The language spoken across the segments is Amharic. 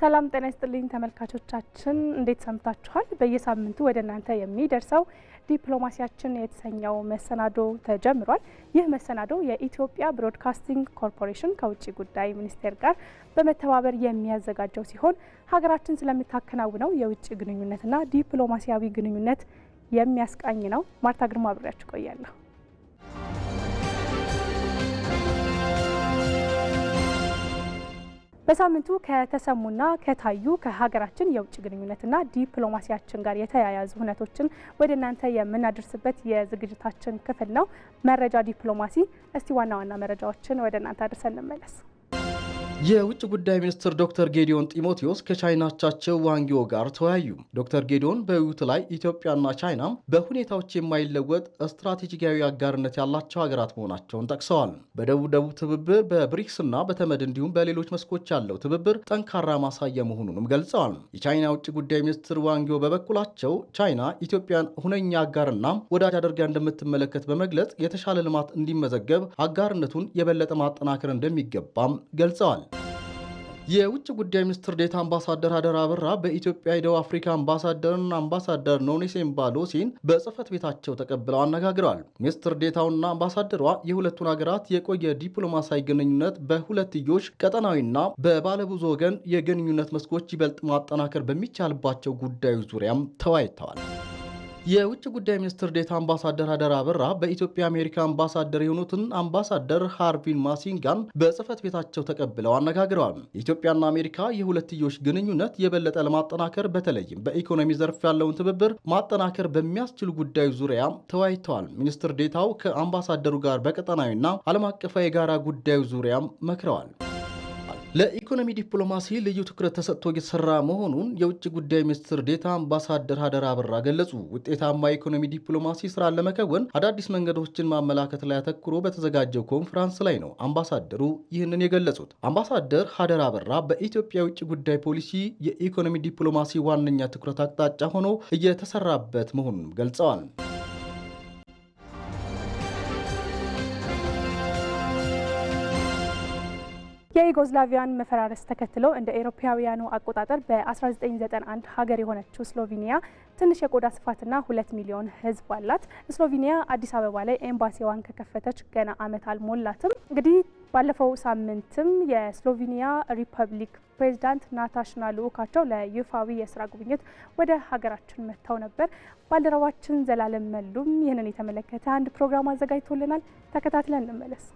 ሰላም ጤና ይስጥልኝ ተመልካቾቻችን፣ እንዴት ሰምታችኋል? በየሳምንቱ ወደ እናንተ የሚደርሰው ዲፕሎማሲያችን የተሰኘው መሰናዶ ተጀምሯል። ይህ መሰናዶ የኢትዮጵያ ብሮድካስቲንግ ኮርፖሬሽን ከውጭ ጉዳይ ሚኒስቴር ጋር በመተባበር የሚያዘጋጀው ሲሆን ሀገራችን ስለምታከናውነው የውጭ ግንኙነትና ዲፕሎማሲያዊ ግንኙነት የሚያስቃኝ ነው። ማርታ ግርማ አብሬያችሁ ቆያለሁ። በሳምንቱ ከተሰሙና ከታዩ ከሀገራችን የውጭ ግንኙነትና ዲፕሎማሲያችን ጋር የተያያዙ ሁነቶችን ወደ እናንተ የምናደርስበት የዝግጅታችን ክፍል ነው። መረጃ ዲፕሎማሲ። እስቲ ዋና ዋና መረጃዎችን ወደ እናንተ አድርሰን እንመለስ። የውጭ ጉዳይ ሚኒስትር ዶክተር ጌዲዮን ጢሞቴዎስ ከቻይናቻቸው ዋንጊዮ ጋር ተወያዩ። ዶክተር ጌዲዮን በውይይቱ ላይ ኢትዮጵያና ቻይና በሁኔታዎች የማይለወጥ ስትራቴጂካዊ አጋርነት ያላቸው ሀገራት መሆናቸውን ጠቅሰዋል። በደቡብ ደቡብ ትብብር በብሪክስና በተመድ እንዲሁም በሌሎች መስኮች ያለው ትብብር ጠንካራ ማሳያ መሆኑንም ገልጸዋል። የቻይና ውጭ ጉዳይ ሚኒስትር ዋንጊዮ በበኩላቸው ቻይና ኢትዮጵያን ሁነኛ አጋርና ወዳጅ አድርጋ እንደምትመለከት በመግለጽ የተሻለ ልማት እንዲመዘገብ አጋርነቱን የበለጠ ማጠናከር እንደሚገባም ገልጸዋል። የውጭ ጉዳይ ሚኒስትር ዴታ አምባሳደር አደራ አበራ በኢትዮጵያ የደቡብ አፍሪካ አምባሳደርና አምባሳደር ኖኔሴምባ ባሎሲን በጽህፈት ቤታቸው ተቀብለው አነጋግረዋል። ሚኒስትር ዴታውና አምባሳደሯ የሁለቱን ሀገራት የቆየ ዲፕሎማሲያዊ ግንኙነት በሁለትዮሽ ቀጠናዊና በባለብዙ ወገን የግንኙነት መስኮች ይበልጥ ማጠናከር በሚቻልባቸው ጉዳዮች ዙሪያም ተወያይተዋል። የውጭ ጉዳይ ሚኒስትር ዴታ አምባሳደር አደራ አበራ በኢትዮጵያ አሜሪካ አምባሳደር የሆኑትን አምባሳደር ሃርቪን ማሲንጋን በጽህፈት ቤታቸው ተቀብለው አነጋግረዋል። ኢትዮጵያና አሜሪካ የሁለትዮሽ ግንኙነት የበለጠ ለማጠናከር በተለይም በኢኮኖሚ ዘርፍ ያለውን ትብብር ማጠናከር በሚያስችሉ ጉዳዮች ዙሪያ ተወያይተዋል። ሚኒስትር ዴታው ከአምባሳደሩ ጋር በቀጠናዊና ዓለም አቀፋዊ የጋራ ጉዳዩ ዙሪያም መክረዋል። ለኢኮኖሚ ዲፕሎማሲ ልዩ ትኩረት ተሰጥቶ እየተሰራ መሆኑን የውጭ ጉዳይ ሚኒስትር ዴታ አምባሳደር ሀደራ አበራ ገለጹ። ውጤታማ የኢኮኖሚ ዲፕሎማሲ ስራን ለመከወን አዳዲስ መንገዶችን ማመላከት ላይ አተኩሮ በተዘጋጀው ኮንፈረንስ ላይ ነው አምባሳደሩ ይህንን የገለጹት። አምባሳደር ሀደራ አበራ በኢትዮጵያ የውጭ ጉዳይ ፖሊሲ የኢኮኖሚ ዲፕሎማሲ ዋነኛ ትኩረት አቅጣጫ ሆኖ እየተሰራበት መሆኑንም ገልጸዋል። የዩጎዝላቪያን መፈራረስ ተከትሎ እንደ ኤሮፓውያኑ አቆጣጠር በ1991 ሀገር የሆነችው ስሎቬኒያ ትንሽ የቆዳ ስፋትና ሁለት ሚሊዮን ሕዝብ አላት። ስሎቬኒያ አዲስ አበባ ላይ ኤምባሲዋን ከከፈተች ገና ዓመት አልሞላትም። እንግዲህ ባለፈው ሳምንትም የስሎቬኒያ ሪፐብሊክ ፕሬዚዳንት ናታሽና ልኡካቸው ለይፋዊ የስራ ጉብኝት ወደ ሀገራችን መጥተው ነበር። ባልደረባችን ዘላለም መሉም ይህንን የተመለከተ አንድ ፕሮግራም አዘጋጅቶልናል። ተከታትለን እንመለስ።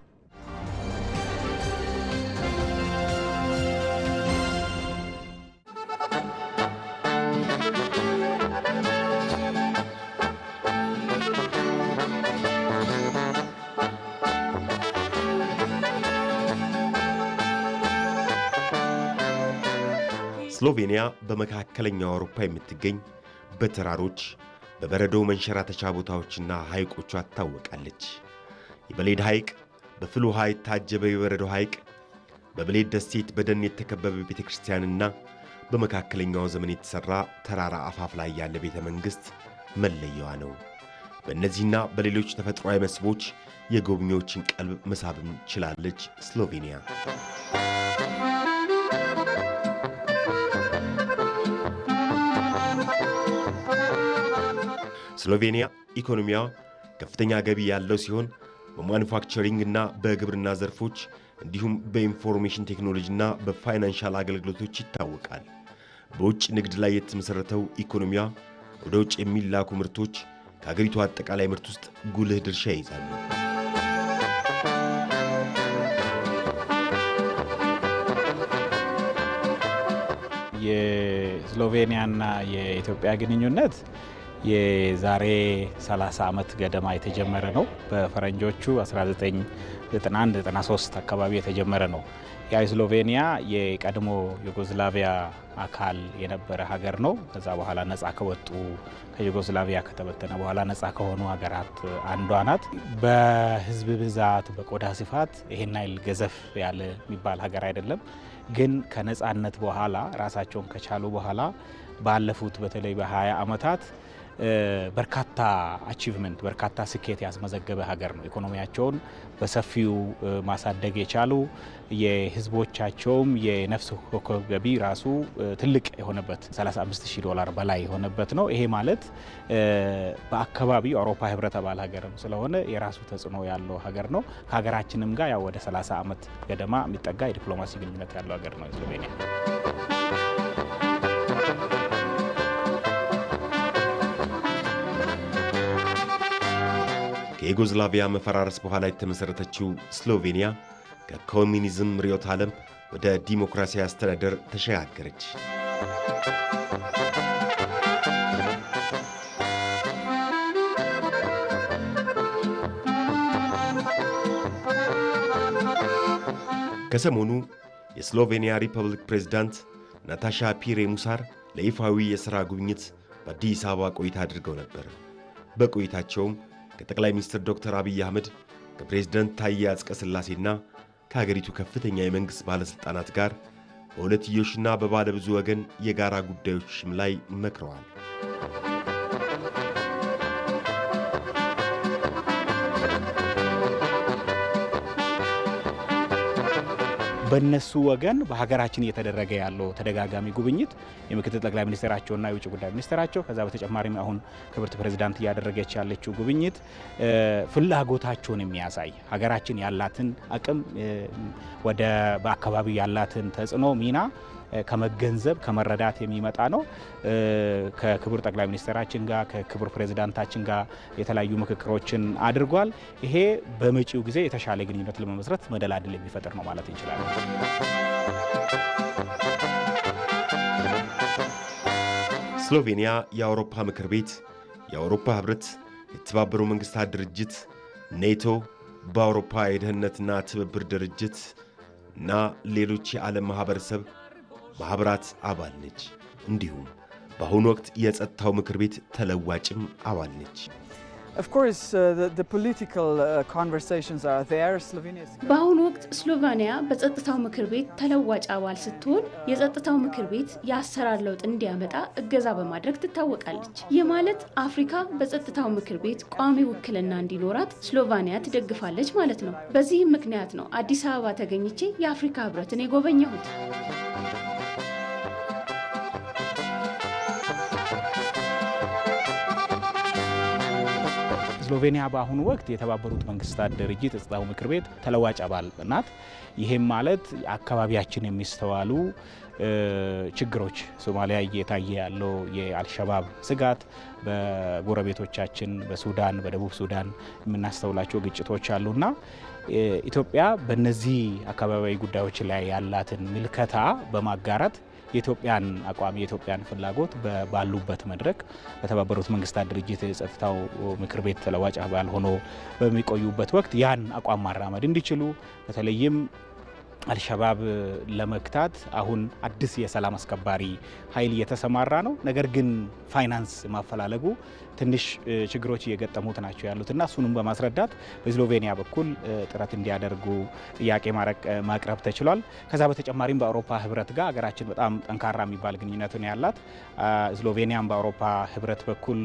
ስሎቬንያ በመካከለኛው አውሮፓ የምትገኝ በተራሮች በበረዶ መንሸራተቻ ቦታዎችና ሐይቆቿ ትታወቃለች። የበሌድ ሐይቅ በፍል ውሃ የታጀበ የበረዶ ሐይቅ፣ በብሌድ ደሴት በደን የተከበበ ቤተ ክርስቲያንና በመካከለኛው ዘመን የተሠራ ተራራ አፋፍ ላይ ያለ ቤተ መንግሥት መለያዋ ነው። በእነዚህና በሌሎች ተፈጥሯዊ መስህቦች የጎብኚዎችን ቀልብ መሳብም ችላለች ስሎቬንያ። ስሎቬኒያ ኢኮኖሚያ ከፍተኛ ገቢ ያለው ሲሆን በማኑፋክቸሪንግ እና በግብርና ዘርፎች እንዲሁም በኢንፎርሜሽን ቴክኖሎጂ እና በፋይናንሻል አገልግሎቶች ይታወቃል። በውጭ ንግድ ላይ የተመሠረተው ኢኮኖሚያ ወደ ውጭ የሚላኩ ምርቶች ከአገሪቱ አጠቃላይ ምርት ውስጥ ጉልህ ድርሻ ይይዛሉ። የስሎቬኒያና የኢትዮጵያ ግንኙነት የዛሬ 30 ዓመት ገደማ የተጀመረ ነው። በፈረንጆቹ 1991-93 አካባቢ የተጀመረ ነው። የስሎቬኒያ የቀድሞ ዩጎዝላቪያ አካል የነበረ ሀገር ነው። ከዛ በኋላ ነጻ ከወጡ ከዩጎስላቪያ ከተበተነ በኋላ ነጻ ከሆኑ ሀገራት አንዷ ናት። በህዝብ ብዛት፣ በቆዳ ስፋት ይሄን ያህል ገዘፍ ያለ የሚባል ሀገር አይደለም። ግን ከነጻነት በኋላ ራሳቸውን ከቻሉ በኋላ ባለፉት በተለይ በ20 ዓመታት በርካታ አቺቭመንት በርካታ ስኬት ያስመዘገበ ሀገር ነው። ኢኮኖሚያቸውን በሰፊው ማሳደግ የቻሉ የህዝቦቻቸውም የነፍስ ወከፍ ገቢ ራሱ ትልቅ የሆነበት 35 ዶላር በላይ የሆነበት ነው። ይሄ ማለት በአካባቢው አውሮፓ ህብረት አባል ሀገርም ስለሆነ የራሱ ተጽዕኖ ያለው ሀገር ነው። ከሀገራችንም ጋር ያው ወደ 30 ዓመት ገደማ የሚጠጋ የዲፕሎማሲ ግንኙነት ያለው ሀገር ነው ስሎቬኒያ። ከዩጎዝላቪያ መፈራረስ በኋላ የተመሠረተችው ስሎቬኒያ ከኮሚኒዝም ርዕዮተ ዓለም ወደ ዲሞክራሲያዊ አስተዳደር ተሸጋገረች። ከሰሞኑ የስሎቬኒያ ሪፐብሊክ ፕሬዝዳንት ናታሻ ፒሬ ሙሳር ለይፋዊ የሥራ ጉብኝት በአዲስ አበባ ቆይታ አድርገው ነበር። በቆይታቸውም ከጠቅላይ ሚኒስትር ዶክተር አብይ አህመድ ከፕሬዝደንት ታዬ አጽቀ ሥላሴና ከሀገሪቱ ከፍተኛ የመንግሥት ባለሥልጣናት ጋር በሁለትዮሽና በባለብዙ ወገን የጋራ ጉዳዮችም ላይ መክረዋል። በእነሱ ወገን በሀገራችን እየተደረገ ያለው ተደጋጋሚ ጉብኝት የምክትል ጠቅላይ ሚኒስትራቸውና የውጭ ጉዳይ ሚኒስትራቸው ከዛ በተጨማሪም አሁን ክብርት ፕሬዚዳንት እያደረገች ያለችው ጉብኝት ፍላጎታቸውን የሚያሳይ ሀገራችን ያላትን አቅም ወደ በአካባቢው ያላትን ተጽዕኖ ሚና ከመገንዘብ ከመረዳት የሚመጣ ነው። ከክቡር ጠቅላይ ሚኒስትራችን ጋር ከክቡር ፕሬዚዳንታችን ጋር የተለያዩ ምክክሮችን አድርጓል። ይሄ በመጪው ጊዜ የተሻለ ግንኙነት ለመመስረት መደላድል የሚፈጥር ነው ማለት እንችላለን። ስሎቬኒያ የአውሮፓ ምክር ቤት፣ የአውሮፓ ህብረት፣ የተባበሩ መንግስታት ድርጅት፣ ኔቶ፣ በአውሮፓ የደህንነትና ትብብር ድርጅት እና ሌሎች የዓለም ማህበረሰብ። ማኅበራት አባል ነች። እንዲሁም በአሁኑ ወቅት የጸጥታው ምክር ቤት ተለዋጭም አባል ነች። uh, uh, በአሁኑ ወቅት ስሎቬንያ በጸጥታው ምክር ቤት ተለዋጭ አባል ስትሆን የጸጥታው ምክር ቤት የአሰራር ለውጥ እንዲያመጣ እገዛ በማድረግ ትታወቃለች። ይህ ማለት አፍሪካ በጸጥታው ምክር ቤት ቋሚ ውክልና እንዲኖራት ስሎቫንያ ትደግፋለች ማለት ነው። በዚህም ምክንያት ነው አዲስ አበባ ተገኝቼ የአፍሪካ ሕብረትን የጎበኘሁት። ስሎቬኒያ በአሁኑ ወቅት የተባበሩት መንግስታት ድርጅት የጸጥታው ምክር ቤት ተለዋጭ አባል ናት። ይህም ማለት አካባቢያችን የሚስተዋሉ ችግሮች ሶማሊያ እየታየ ያለው የአልሸባብ ስጋት፣ በጎረቤቶቻችን በሱዳን በደቡብ ሱዳን የምናስተውላቸው ግጭቶች አሉና ኢትዮጵያ በእነዚህ አካባቢያዊ ጉዳዮች ላይ ያላትን ምልከታ በማጋራት የኢትዮጵያን አቋም የኢትዮጵያን ፍላጎት ባሉበት መድረክ በተባበሩት መንግስታት ድርጅት የጸጥታው ምክር ቤት ተለዋጭ አባል ሆኖ በሚቆዩበት ወቅት ያን አቋም ማራመድ እንዲችሉ በተለይም አልሸባብ ለመግታት አሁን አዲስ የሰላም አስከባሪ ኃይል እየተሰማራ ነው። ነገር ግን ፋይናንስ ማፈላለጉ ትንሽ ችግሮች እየገጠሙት ናቸው ያሉት እና እሱንም በማስረዳት በስሎቬኒያ በኩል ጥረት እንዲያደርጉ ጥያቄ ማቅረብ ተችሏል። ከዛ በተጨማሪም በአውሮፓ ህብረት ጋር ሀገራችን በጣም ጠንካራ የሚባል ግንኙነት ነው ያላት። ስሎቬኒያም በአውሮፓ ህብረት በኩል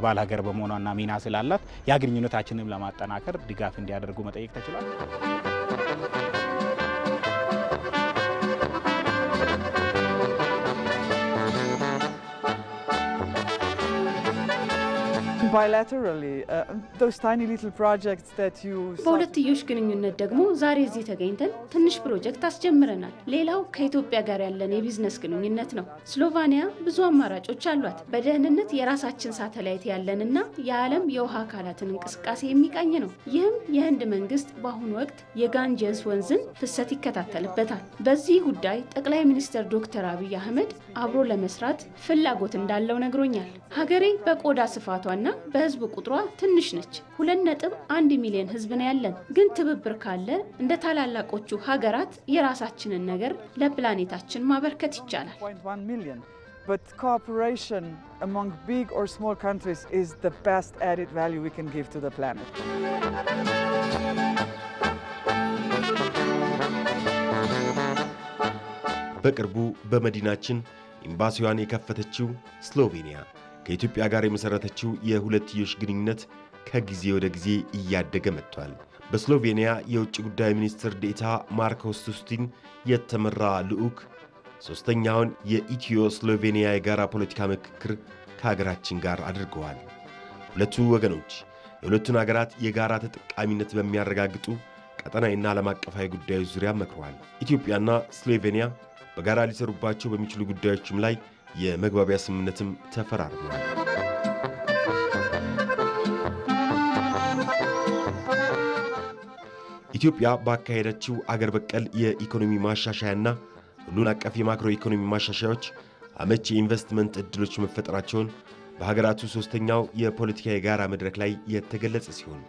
አባል ሀገር በመሆኗና ሚና ስላላት ያ ግንኙነታችንም ለማጠናከር ድጋፍ እንዲያደርጉ መጠየቅ ተችሏል። Uh, በሁለትዮሽ ግንኙነት ደግሞ ዛሬ እዚህ ተገኝተን ትንሽ ፕሮጀክት አስጀምረናል። ሌላው ከኢትዮጵያ ጋር ያለን የቢዝነስ ግንኙነት ነው። ስሎቫኒያ ብዙ አማራጮች አሏት። በደህንነት የራሳችን ሳተላይት ያለንና የዓለም የውሃ አካላትን እንቅስቃሴ የሚቃኝ ነው። ይህም የህንድ መንግስት በአሁኑ ወቅት የጋንጀንስ ወንዝን ፍሰት ይከታተልበታል። በዚህ ጉዳይ ጠቅላይ ሚኒስትር ዶክተር አብይ አህመድ አብሮ ለመስራት ፍላጎት እንዳለው ነግሮኛል። ሀገሬ በቆዳ ስፋቷና በህዝብ ቁጥሯ ትንሽ ነች። ሁለት ነጥብ አንድ ሚሊዮን ህዝብ ነው ያለን። ግን ትብብር ካለ እንደ ታላላቆቹ ሀገራት የራሳችንን ነገር ለፕላኔታችን ማበርከት ይቻላል። በቅርቡ በመዲናችን ኤምባሲዋን የከፈተችው ስሎቬኒያ ከኢትዮጵያ ጋር የመሠረተችው የሁለትዮሽ ግንኙነት ከጊዜ ወደ ጊዜ እያደገ መጥቷል። በስሎቬንያ የውጭ ጉዳይ ሚኒስትር ዴታ ማርኮስ ሱስቲን የተመራ ልዑክ ሦስተኛውን የኢትዮ ስሎቬንያ የጋራ ፖለቲካ ምክክር ከሀገራችን ጋር አድርገዋል። ሁለቱ ወገኖች የሁለቱን አገራት የጋራ ተጠቃሚነት በሚያረጋግጡ ቀጠናዊና ዓለም አቀፋዊ ጉዳዮች ዙሪያ መክረዋል። ኢትዮጵያና ስሎቬንያ በጋራ ሊሰሩባቸው በሚችሉ ጉዳዮችም ላይ የመግባቢያ ስምምነትም ተፈራርመዋል። ኢትዮጵያ ባካሄደችው አገር በቀል የኢኮኖሚ ማሻሻያና ሁሉን አቀፍ የማክሮ ኢኮኖሚ ማሻሻያዎች አመች የኢንቨስትመንት ዕድሎች መፈጠራቸውን በሀገራቱ ሦስተኛው የፖለቲካ የጋራ መድረክ ላይ የተገለጸ ሲሆን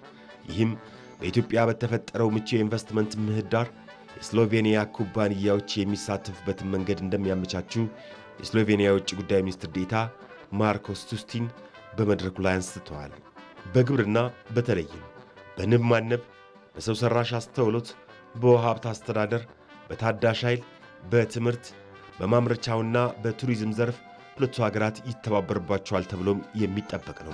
ይህም በኢትዮጵያ በተፈጠረው ምቹ የኢንቨስትመንት ምህዳር የስሎቬኒያ ኩባንያዎች የሚሳተፉበትን መንገድ እንደሚያመቻችው የስሎቬንያ የውጭ ጉዳይ ሚኒስትር ዴታ ማርኮስ ቱስቲን በመድረኩ ላይ አንስተዋል። በግብርና በተለይም በንብ ማነብ፣ በሰው ሠራሽ አስተውሎት፣ በውሃ ሀብት አስተዳደር፣ በታዳሽ ኃይል፣ በትምህርት፣ በማምረቻውና በቱሪዝም ዘርፍ ሁለቱ ሀገራት ይተባበርባቸዋል ተብሎም የሚጠበቅ ነው።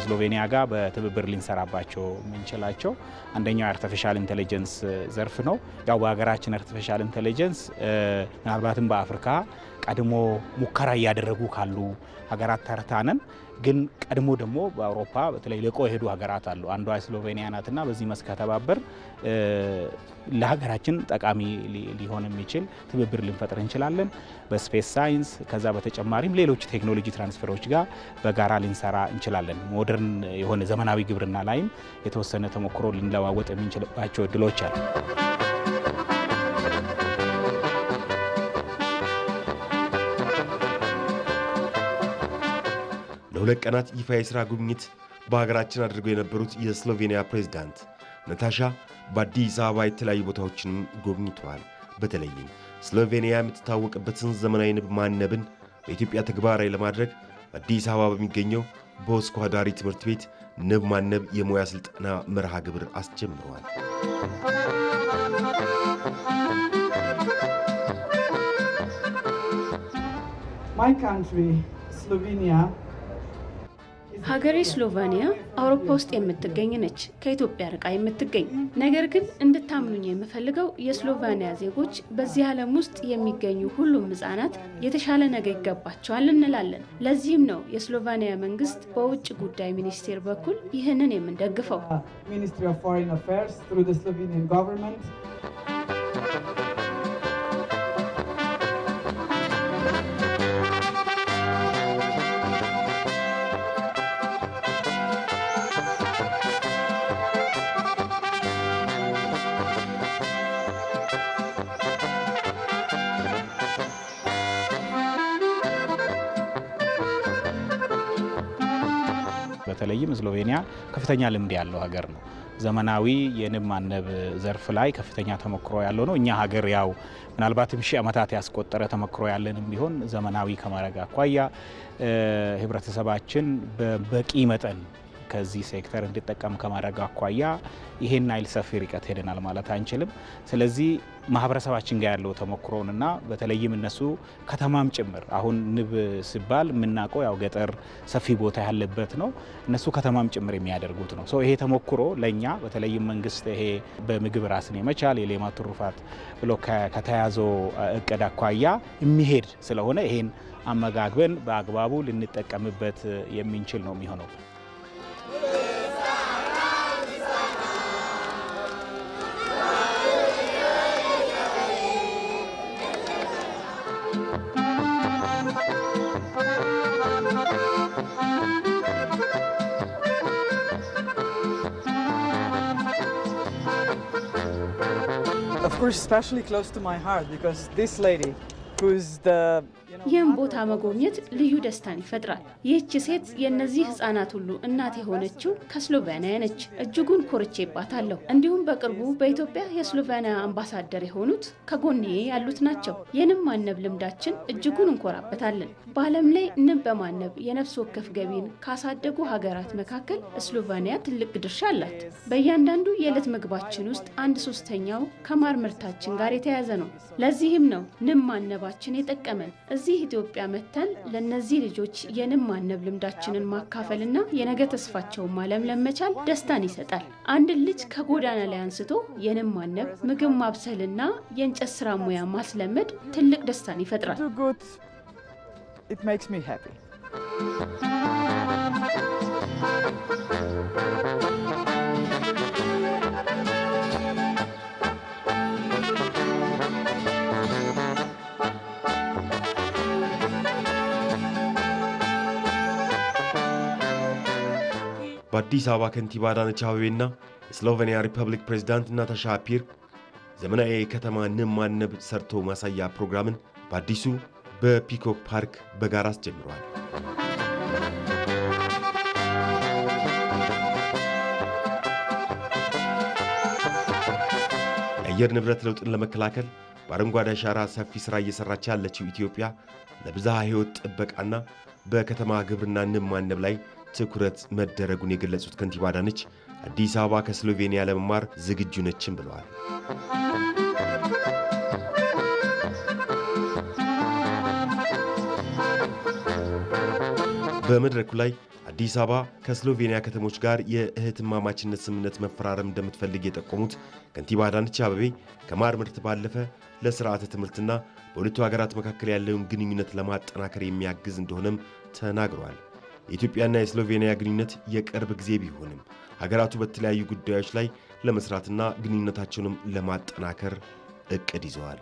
ከስሎቬኒያ ጋር በትብብር ልንሰራባቸው የምንችላቸው አንደኛው የአርቲፊሻል ኢንቴሊጀንስ ዘርፍ ነው። ያው በሀገራችን አርቲፊሻል ኢንቴሊጀንስ ምናልባትም በአፍሪካ ቀድሞ ሙከራ እያደረጉ ካሉ ሀገራት ተርታነን ግን ቀድሞ ደግሞ በአውሮፓ በተለይ ልቆ የሄዱ ሀገራት አሉ። አንዷ ስሎቬኒያ ናትና በዚህ መስክ ከተባበር ለሀገራችን ጠቃሚ ሊሆን የሚችል ትብብር ልንፈጥር እንችላለን። በስፔስ ሳይንስ ከዛ በተጨማሪም ሌሎች ቴክኖሎጂ ትራንስፈሮች ጋር በጋራ ልንሰራ እንችላለን። ሞደርን የሆነ ዘመናዊ ግብርና ላይም የተወሰነ ተሞክሮ ልንለዋወጥ የምንችልባቸው እድሎች አሉ። ለሁለት ቀናት ይፋ የሥራ ጉብኝት በሀገራችን አድርገው የነበሩት የስሎቬንያ ፕሬዝዳንት ናታሻ በአዲስ አበባ የተለያዩ ቦታዎችንም ጎብኝተዋል። በተለይም ስሎቬንያ የምትታወቅበትን ዘመናዊ ንብ ማነብን በኢትዮጵያ ተግባራዊ ለማድረግ አዲስ አበባ በሚገኘው በወስኳዳሪ ትምህርት ቤት ንብ ማነብ የሙያ ሥልጠና መርሃ ግብር አስጀምረዋል። ማይ ካንትሪ ስሎቬንያ ሀገሬ ስሎቬኒያ አውሮፓ ውስጥ የምትገኝ ነች፣ ከኢትዮጵያ ርቃ የምትገኝ ነገር ግን እንድታምኑኝ የምፈልገው የስሎቬኒያ ዜጎች በዚህ ዓለም ውስጥ የሚገኙ ሁሉም ሕጻናት የተሻለ ነገ ይገባቸዋል እንላለን። ለዚህም ነው የስሎቫኒያ መንግስት በውጭ ጉዳይ ሚኒስቴር በኩል ይህንን የምንደግፈው። በተለይም ስሎቬኒያ ከፍተኛ ልምድ ያለው ሀገር ነው። ዘመናዊ የንብ ማነብ ዘርፍ ላይ ከፍተኛ ተሞክሮ ያለው ነው። እኛ ሀገር ያው ምናልባትም ሺህ ዓመታት ያስቆጠረ ተሞክሮ ያለንም ቢሆን ዘመናዊ ከማድረግ አኳያ ህብረተሰባችን በበቂ መጠን ከዚህ ሴክተር እንዲጠቀም ከማድረግ አኳያ ይሄን ያህል ሰፊ ርቀት ሄደናል ማለት አንችልም። ስለዚህ ማህበረሰባችን ጋር ያለው ተሞክሮንና በተለይም እነሱ ከተማም ጭምር አሁን ንብ ሲባል የምናውቀው ያው ገጠር ሰፊ ቦታ ያለበት ነው። እነሱ ከተማም ጭምር የሚያደርጉት ነው። ይሄ ተሞክሮ ለእኛ በተለይም መንግስት ይሄ በምግብ ራስን የመቻል የሌማት ትሩፋት ብሎ ከተያዘው እቅድ አኳያ የሚሄድ ስለሆነ ይሄን አመጋግበን በአግባቡ ልንጠቀምበት የምንችል ነው የሚሆነው። course, especially close to my heart because this lady, who's the ይህም ቦታ መጎብኘት ልዩ ደስታን ይፈጥራል። ይህች ሴት የእነዚህ ህጻናት ሁሉ እናት የሆነችው ከስሎቬንያ ነች። እጅጉን ኮርቼባታለሁ። እንዲሁም በቅርቡ በኢትዮጵያ የስሎቬንያ አምባሳደር የሆኑት ከጎኔ ያሉት ናቸው። የንብ ማነብ ልምዳችን እጅጉን እንኮራበታለን። በዓለም ላይ ንብ በማነብ የነፍስ ወከፍ ገቢን ካሳደጉ ሀገራት መካከል ስሎቬንያ ትልቅ ድርሻ አላት። በእያንዳንዱ የዕለት ምግባችን ውስጥ አንድ ሶስተኛው ከማር ምርታችን ጋር የተያያዘ ነው። ለዚህም ነው ንብ ማነባችን የጠቀመን። እዚህ ኢትዮጵያ መጥተን ለእነዚህ ልጆች የንም ማነብ ልምዳችንን ማካፈልና የነገ ተስፋቸውን ማለምለም መቻል ደስታን ይሰጣል። አንድን ልጅ ከጎዳና ላይ አንስቶ የንም ማነብ፣ ምግብ ማብሰልና የእንጨት ስራ ሙያ ማስለመድ ትልቅ ደስታን ይፈጥራል። በአዲስ አበባ ከንቲባ አዳነች አቤቤና የስሎቬኒያ ሪፐብሊክ ፕሬዝዳንት ናታሻ ፒር ዘመናዊ የከተማ ንብ ማነብ ሰርቶ ማሳያ ፕሮግራምን በአዲሱ በፒኮክ ፓርክ በጋራ አስጀምረዋል። የአየር ንብረት ለውጥን ለመከላከል በአረንጓዴ አሻራ ሰፊ ሥራ እየሠራች ያለችው ኢትዮጵያ ለብዝሃ ሕይወት ጥበቃና በከተማ ግብርና ንብ ማነብ ላይ ትኩረት መደረጉን የገለጹት ከንቲባ አዳነች አዲስ አበባ ከስሎቬንያ ለመማር ዝግጁ ነችም ብለዋል። በመድረኩ ላይ አዲስ አበባ ከስሎቬኒያ ከተሞች ጋር የእህትማማችነት ስምምነት መፈራረም እንደምትፈልግ የጠቆሙት ከንቲባ አዳነች አበቤ ከማር ምርት ባለፈ ለስርዓተ ትምህርትና በሁለቱ ሀገራት መካከል ያለውን ግንኙነት ለማጠናከር የሚያግዝ እንደሆነም ተናግረዋል። የኢትዮጵያና የስሎቬንያ ግንኙነት የቅርብ ጊዜ ቢሆንም ሀገራቱ በተለያዩ ጉዳዮች ላይ ለመስራትና ግንኙነታቸውንም ለማጠናከር እቅድ ይዘዋል።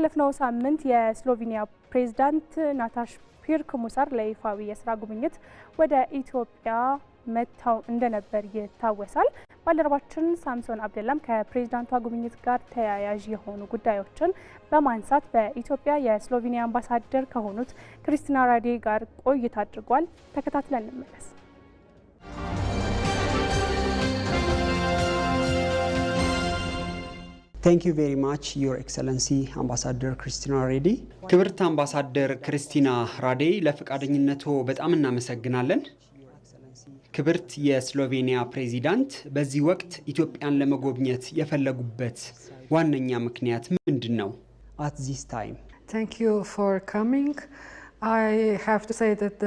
ባለፍነው ሳምንት የስሎቬኒያ ፕሬዝዳንት ናታሽ ፒርክ ሙሳር ለይፋዊ የስራ ጉብኝት ወደ ኢትዮጵያ መጥተው እንደነበር ይታወሳል። ባልደረባችን ሳምሶን አብደላም ከፕሬዝዳንቷ ጉብኝት ጋር ተያያዥ የሆኑ ጉዳዮችን በማንሳት በኢትዮጵያ የስሎቬኒያ አምባሳደር ከሆኑት ክሪስቲና ራዴ ጋር ቆይታ አድርጓል። ተከታትለን እንመለስ። ታንክ ዩ ቬሪ ማች ዩር ኤክሰለንሲ አምባሳደር ክርስቲና ሬዲ። ክብርት አምባሳደር ክርስቲና ራዴ ለፈቃደኝነቶ በጣም እናመሰግናለን። ክብርት የስሎቬኒያ ፕሬዚዳንት በዚህ ወቅት ኢትዮጵያን ለመጎብኘት የፈለጉበት ዋነኛ ምክንያት ምንድን ነው? አት ዚስ ታይም ታንክ ዩ ፎር ካሚንግ አይ ሃቭ ቱ ሴይ ዛት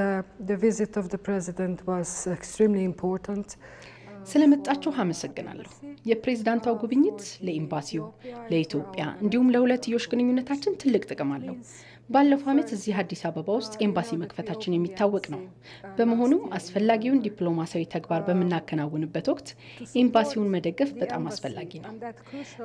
ቪዚት ኦፍ ፕሬዚደንት ኤክስትሪምሊ ኢምፖርታንት ስለመጣችሁ አመሰግናለሁ። የፕሬዝዳንቷ ጉብኝት ለኤምባሲው፣ ለኢትዮጵያ እንዲሁም ለሁለትዮሽ ግንኙነታችን ትልቅ ጥቅም አለው። ባለፈው ዓመት እዚህ አዲስ አበባ ውስጥ ኤምባሲ መክፈታችን የሚታወቅ ነው። በመሆኑም አስፈላጊውን ዲፕሎማሲያዊ ተግባር በምናከናውንበት ወቅት ኤምባሲውን መደገፍ በጣም አስፈላጊ ነው።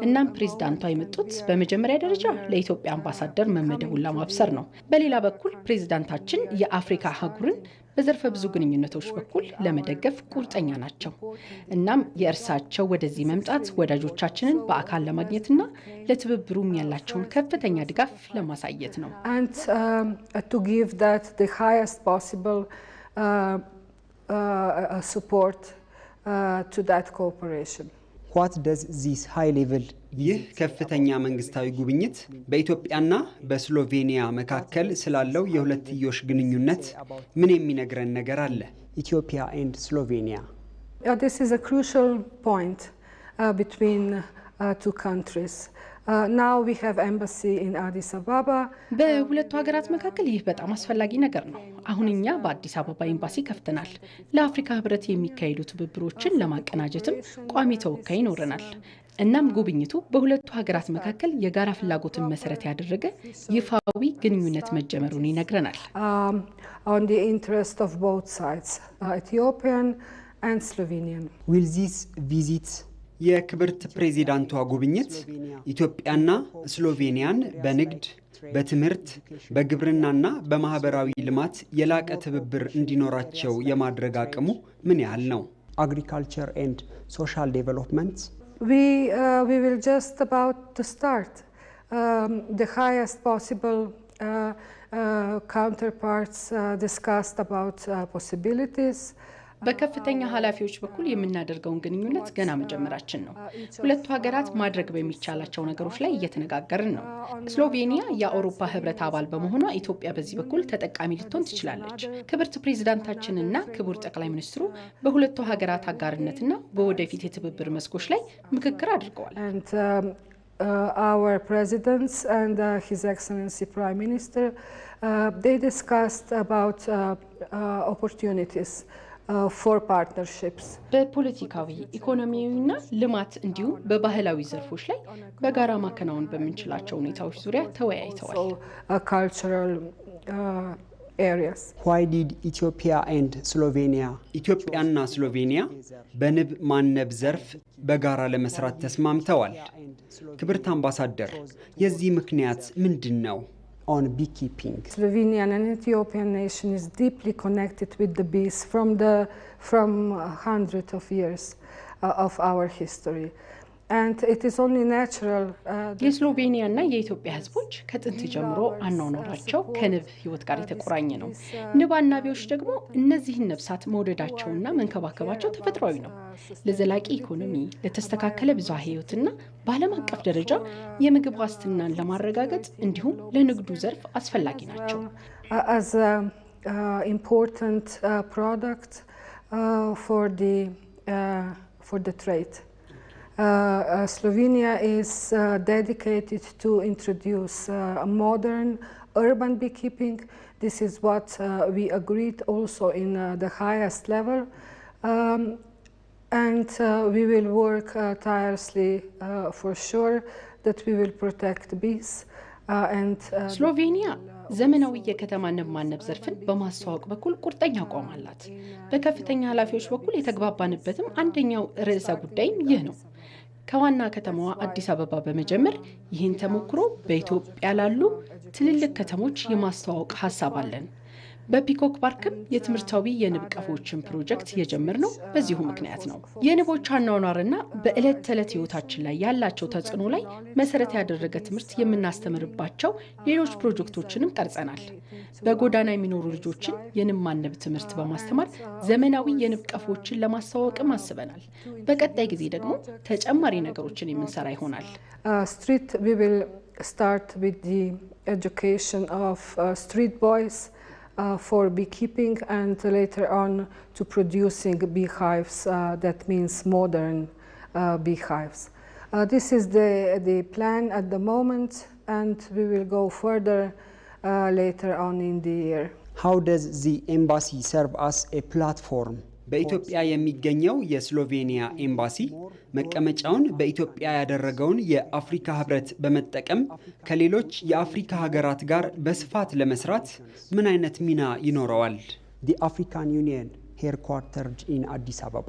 እናም ፕሬዝዳንቷ የመጡት በመጀመሪያ ደረጃ ለኢትዮጵያ አምባሳደር መመደቡን ለማብሰር ነው። በሌላ በኩል ፕሬዝዳንታችን የአፍሪካ አህጉርን በዘርፈ ብዙ ግንኙነቶች በኩል ለመደገፍ ቁርጠኛ ናቸው። እናም የእርሳቸው ወደዚህ መምጣት ወዳጆቻችንን በአካል ለማግኘትና ለትብብሩም ያላቸውን ከፍተኛ ድጋፍ ለማሳየት ነው። ሱፖርት ቱ ዳት ኮኦፐሬሽን ዋት ደዝ ዚስ ሃይ ሌቭል ይህ ከፍተኛ መንግስታዊ ጉብኝት በኢትዮጵያና በስሎቬኒያ መካከል ስላለው የሁለትዮሽ ግንኙነት ምን የሚነግረን ነገር አለ? ኢትዮጵያ ኤንድ ስሎቬኒያ ስ ክሩሻል ፖይንት ቢትዊን ቱ ካንትሪስ Uh, በሁለቱ ሀገራት መካከል ይህ በጣም አስፈላጊ ነገር ነው። አሁን እኛ በአዲስ አበባ ኤምባሲ ከፍተናል። ለአፍሪካ ህብረት የሚካሄዱ ትብብሮችን ለማቀናጀትም ቋሚ ተወካይ ይኖረናል። እናም ጉብኝቱ በሁለቱ ሀገራት መካከል የጋራ ፍላጎትን መሰረት ያደረገ ይፋዊ ግንኙነት መጀመሩን ይነግረናል። ኢንትረስት ኦፍ ቦዝ ሳይድስ ኢትዮጵያን ስሎቬኒያን ዊል ዚስ ቪዚት የክብርት ፕሬዚዳንቷ ጉብኝት ኢትዮጵያና ስሎቬኒያን በንግድ፣ በትምህርት፣ በግብርናና በማህበራዊ ልማት የላቀ ትብብር እንዲኖራቸው የማድረግ አቅሙ ምን ያህል ነው? አግሪካልቸር ኤንድ ሶሻል ዴቨሎፕመንት ካውንተርፓርትስ ዲስካስድ አባውት ፖሲቢሊቲስ በከፍተኛ ኃላፊዎች በኩል የምናደርገውን ግንኙነት ገና መጀመራችን ነው። ሁለቱ ሀገራት ማድረግ በሚቻላቸው ነገሮች ላይ እየተነጋገርን ነው። ስሎቬኒያ የአውሮፓ ህብረት አባል በመሆኗ ኢትዮጵያ በዚህ በኩል ተጠቃሚ ልትሆን ትችላለች። ክብርት ፕሬዚዳንታችንና ክቡር ጠቅላይ ሚኒስትሩ በሁለቱ ሀገራት አጋርነትና በወደፊት የትብብር መስኮች ላይ ምክክር አድርገዋል። um, uh, our presidents Uh, በፖለቲካዊ ኢኮኖሚያዊና ልማት እንዲሁም በባህላዊ ዘርፎች ላይ በጋራ ማከናወን በምንችላቸው ሁኔታዎች ዙሪያ ተወያይተዋል። ዋይ ዲድ ኢትዮጵያ ኤንድ ስሎቬኒያ ኢትዮጵያና ስሎቬኒያ በንብ ማነብ ዘርፍ በጋራ ለመስራት ተስማምተዋል። ክብርት አምባሳደር፣ የዚህ ምክንያት ምንድን ነው? on beekeeping. Slovenian and Ethiopian nation is deeply connected with the bees from the from hundreds of years uh, of our history. Uh, የስሎቬኒያ እና የኢትዮጵያ ሕዝቦች ከጥንት ጀምሮ አኗኗራቸው ከንብ ሕይወት ጋር የተቆራኘ ነው። uh, ንብ አናቢዎች ደግሞ እነዚህን ነፍሳት መውደዳቸውና መንከባከባቸው ተፈጥሯዊ ነው። ለዘላቂ ኢኮኖሚ፣ ለተስተካከለ ብዝሃ ሕይወትና በዓለም አቀፍ ደረጃ የምግብ ዋስትናን ለማረጋገጥ እንዲሁም ለንግዱ ዘርፍ አስፈላጊ ናቸው። ኢምፖርታንት ፕሮዳክት ፎር ትሬድ Uh, uh, Slovenia is uh, dedicated to introduce modern urban beekeeping. This is what we agreed also in the highest level. Um, and we will work tirelessly for sure that we will protect bees. ስሎቬኒያ ዘመናዊ የከተማ ንብ ማነብ ዘርፍን በማስተዋወቅ በኩል ቁርጠኛ አቋም አላት። በከፍተኛ ኃላፊዎች በኩል የተግባባንበትም አንደኛው ርዕሰ ጉዳይም ይህ ነው። ከዋና ከተማዋ አዲስ አበባ በመጀመር ይህን ተሞክሮ በኢትዮጵያ ላሉ ትልልቅ ከተሞች የማስተዋወቅ ሀሳብ አለን። በፒኮክ ፓርክም የትምህርታዊ የንብ ቀፎዎችን ፕሮጀክት የጀመርነው በዚሁ ምክንያት ነው። የንቦች አኗኗርና በዕለት ተዕለት ህይወታችን ላይ ያላቸው ተጽዕኖ ላይ መሰረት ያደረገ ትምህርት የምናስተምርባቸው ሌሎች ፕሮጀክቶችንም ቀርጸናል። በጎዳና የሚኖሩ ልጆችን የንብ ማነብ ትምህርት በማስተማር ዘመናዊ የንብ ቀፎዎችን ለማስተዋወቅም አስበናል። በቀጣይ ጊዜ ደግሞ ተጨማሪ ነገሮችን የምንሰራ ይሆናል። ስትሪት ዊ ዊል ስታርት ዊዝ ዘ ኤጁኬሽን ኦፍ ስትሪት ቦይስ Uh, for beekeeping and later on to producing beehives, uh, that means modern uh, beehives. this is the, the plan at the moment and we will go further later on in the year. How does the embassy serve as a platform በኢትዮጵያ የሚገኘው የስሎቬኒያ ኤምባሲ መቀመጫውን በኢትዮጵያ ያደረገውን የአፍሪካ ህብረት በመጠቀም ከሌሎች የአፍሪካ ሀገራት ጋር በስፋት ለመስራት ምን አይነት ሚና ይኖረዋል? አፍሪካን ዩኒየን ሄርኳርተርድ ኢን አዲስ አበባ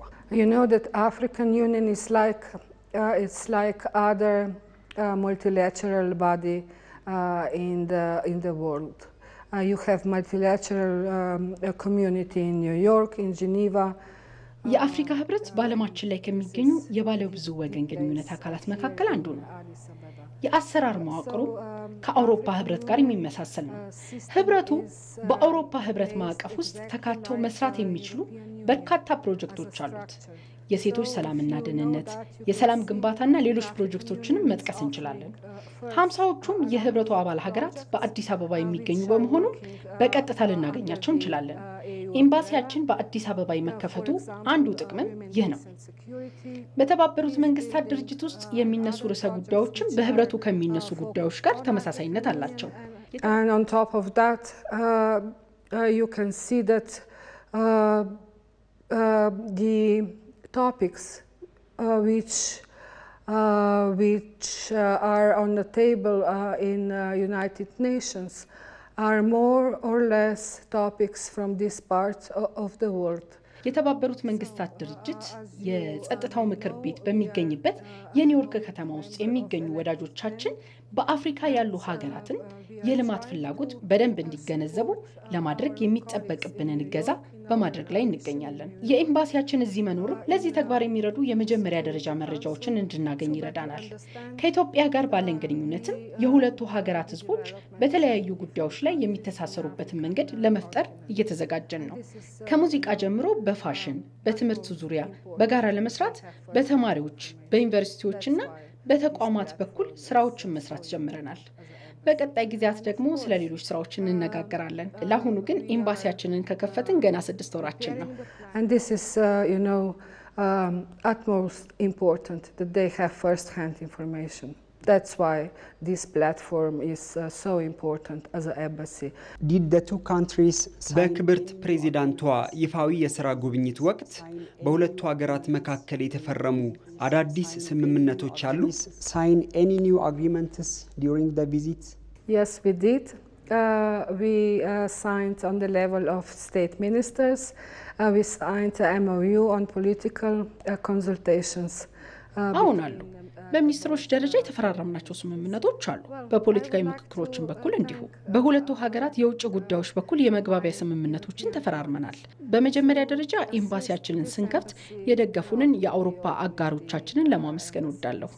አፍሪካን ዩኒየን ኢዝ ላይክ ኢትስ ላይክ ሙልቲላተራል ባዲ ኢን ዘ ወርልድ Uh, you have multilateral um, community in New York, in Geneva. Um, የአፍሪካ ህብረት በዓለማችን ላይ ከሚገኙ የባለብዙ ወገን ግንኙነት አካላት መካከል አንዱ ነው። የአሰራር መዋቅሩ um, ከአውሮፓ ህብረት ጋር የሚመሳሰል ነው። ህብረቱ በአውሮፓ ህብረት ማዕቀፍ ውስጥ ተካተው መስራት የሚችሉ በርካታ ፕሮጀክቶች አሉት። የሴቶች ሰላምና ደህንነት፣ የሰላም ግንባታና ሌሎች ፕሮጀክቶችንም መጥቀስ እንችላለን። ሀምሳዎቹም የህብረቱ አባል ሀገራት በአዲስ አበባ የሚገኙ በመሆኑ በቀጥታ ልናገኛቸው እንችላለን። ኤምባሲያችን በአዲስ አበባ የመከፈቱ አንዱ ጥቅምም ይህ ነው። በተባበሩት መንግስታት ድርጅት ውስጥ የሚነሱ ርዕሰ ጉዳዮችም በህብረቱ ከሚነሱ ጉዳዮች ጋር ተመሳሳይነት አላቸው። ዩ ካን ሲ ዛት topics uh, which uh, which uh, are on the table uh, in uh, United Nations are more or less topics from this part of the world. የተባበሩት መንግስታት ድርጅት የጸጥታው ምክር ቤት በሚገኝበት የኒውዮርክ ከተማ ውስጥ የሚገኙ ወዳጆቻችን በአፍሪካ ያሉ ሀገራትን የልማት ፍላጎት በደንብ እንዲገነዘቡ ለማድረግ የሚጠበቅብንን እገዛ በማድረግ ላይ እንገኛለን። የኤምባሲያችን እዚህ መኖርም ለዚህ ተግባር የሚረዱ የመጀመሪያ ደረጃ መረጃዎችን እንድናገኝ ይረዳናል። ከኢትዮጵያ ጋር ባለን ግንኙነትም የሁለቱ ሀገራት ሕዝቦች በተለያዩ ጉዳዮች ላይ የሚተሳሰሩበትን መንገድ ለመፍጠር እየተዘጋጀን ነው። ከሙዚቃ ጀምሮ በፋሽን፣ በትምህርት ዙሪያ በጋራ ለመስራት በተማሪዎች በዩኒቨርሲቲዎችና በተቋማት በኩል ስራዎችን መስራት ጀምረናል። በቀጣይ ጊዜያት ደግሞ ስለ ሌሎች ስራዎች እንነጋገራለን። ለአሁኑ ግን ኤምባሲያችንን ከከፈትን ገና ስድስት ወራችን ነው። ኢንፎርሜሽን That's why this platform is uh, so important as an embassy. Did the two countries በክብርት ፕሬዚዳንቷ ይፋዊ የሥራ ጉብኝት ወቅት በሁለቱ ሀገራት መካከል የተፈረሙ አዳዲስ ስምምነቶች አሉ? Sign any new agreements during the visit? Yes, we did. Uh, we uh, signed on the level of state ministers. Uh, we signed a MOU on political uh, consultations. Uh, አሁን አሉ በሚኒስትሮች ደረጃ የተፈራረምናቸው ስምምነቶች አሉ። በፖለቲካዊ ምክክሮችን በኩል እንዲሁ በሁለቱ ሀገራት የውጭ ጉዳዮች በኩል የመግባቢያ ስምምነቶችን ተፈራርመናል። በመጀመሪያ ደረጃ ኤምባሲያችንን ስንከፍት የደገፉንን የአውሮፓ አጋሮቻችንን ለማመስገን ወዳለሁ።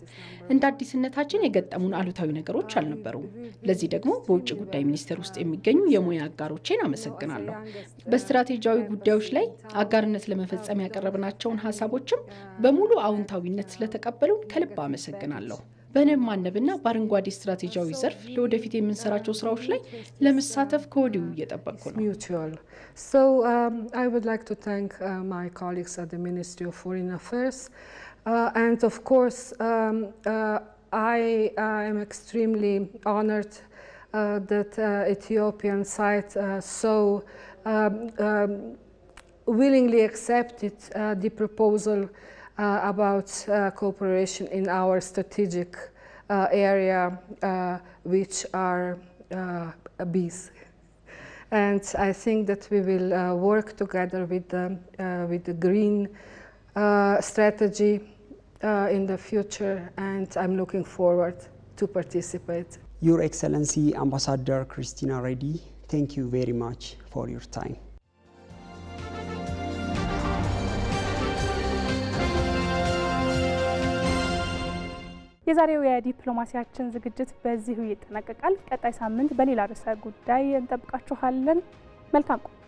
እንደ አዲስነታችን የገጠሙን አሉታዊ ነገሮች አልነበሩም። ለዚህ ደግሞ በውጭ ጉዳይ ሚኒስቴር ውስጥ የሚገኙ የሙያ አጋሮቼን አመሰግናለሁ። በስትራቴጂያዊ ጉዳዮች ላይ አጋርነት ለመፈጸም ያቀረብናቸውን ሀሳቦችም በሙሉ አዎንታዊነት ስለተቀበሉን ከልብ አመሰግናለሁ። በንብ ማነብና በአረንጓዴ ስትራቴጂያዊ ዘርፍ ለወደፊት የምንሰራቸው ስራዎች ላይ ለመሳተፍ ከወዲሁ እየጠበቅኩ ነው። So um, I would like to thank uh, my colleagues at the Ministry of Foreign Affairs. Uh, and of course, um, uh, I am extremely honored uh, that Ethiopian side so um, um, willingly accepted the proposal about cooperation in our strategic area, which are bees and I think that we will uh, work together with the, uh, with the green uh, strategy uh, in the future and I'm looking forward to participate. Your Excellency Ambassador Christina Reddy, thank you very much for your time. የዛሬው የዲፕሎማሲያችን ዝግጅት በዚሁ ይጠናቀቃል። ቀጣይ ሳምንት በሌላ ርዕሰ ጉዳይ እንጠብቃችኋለን። መልካም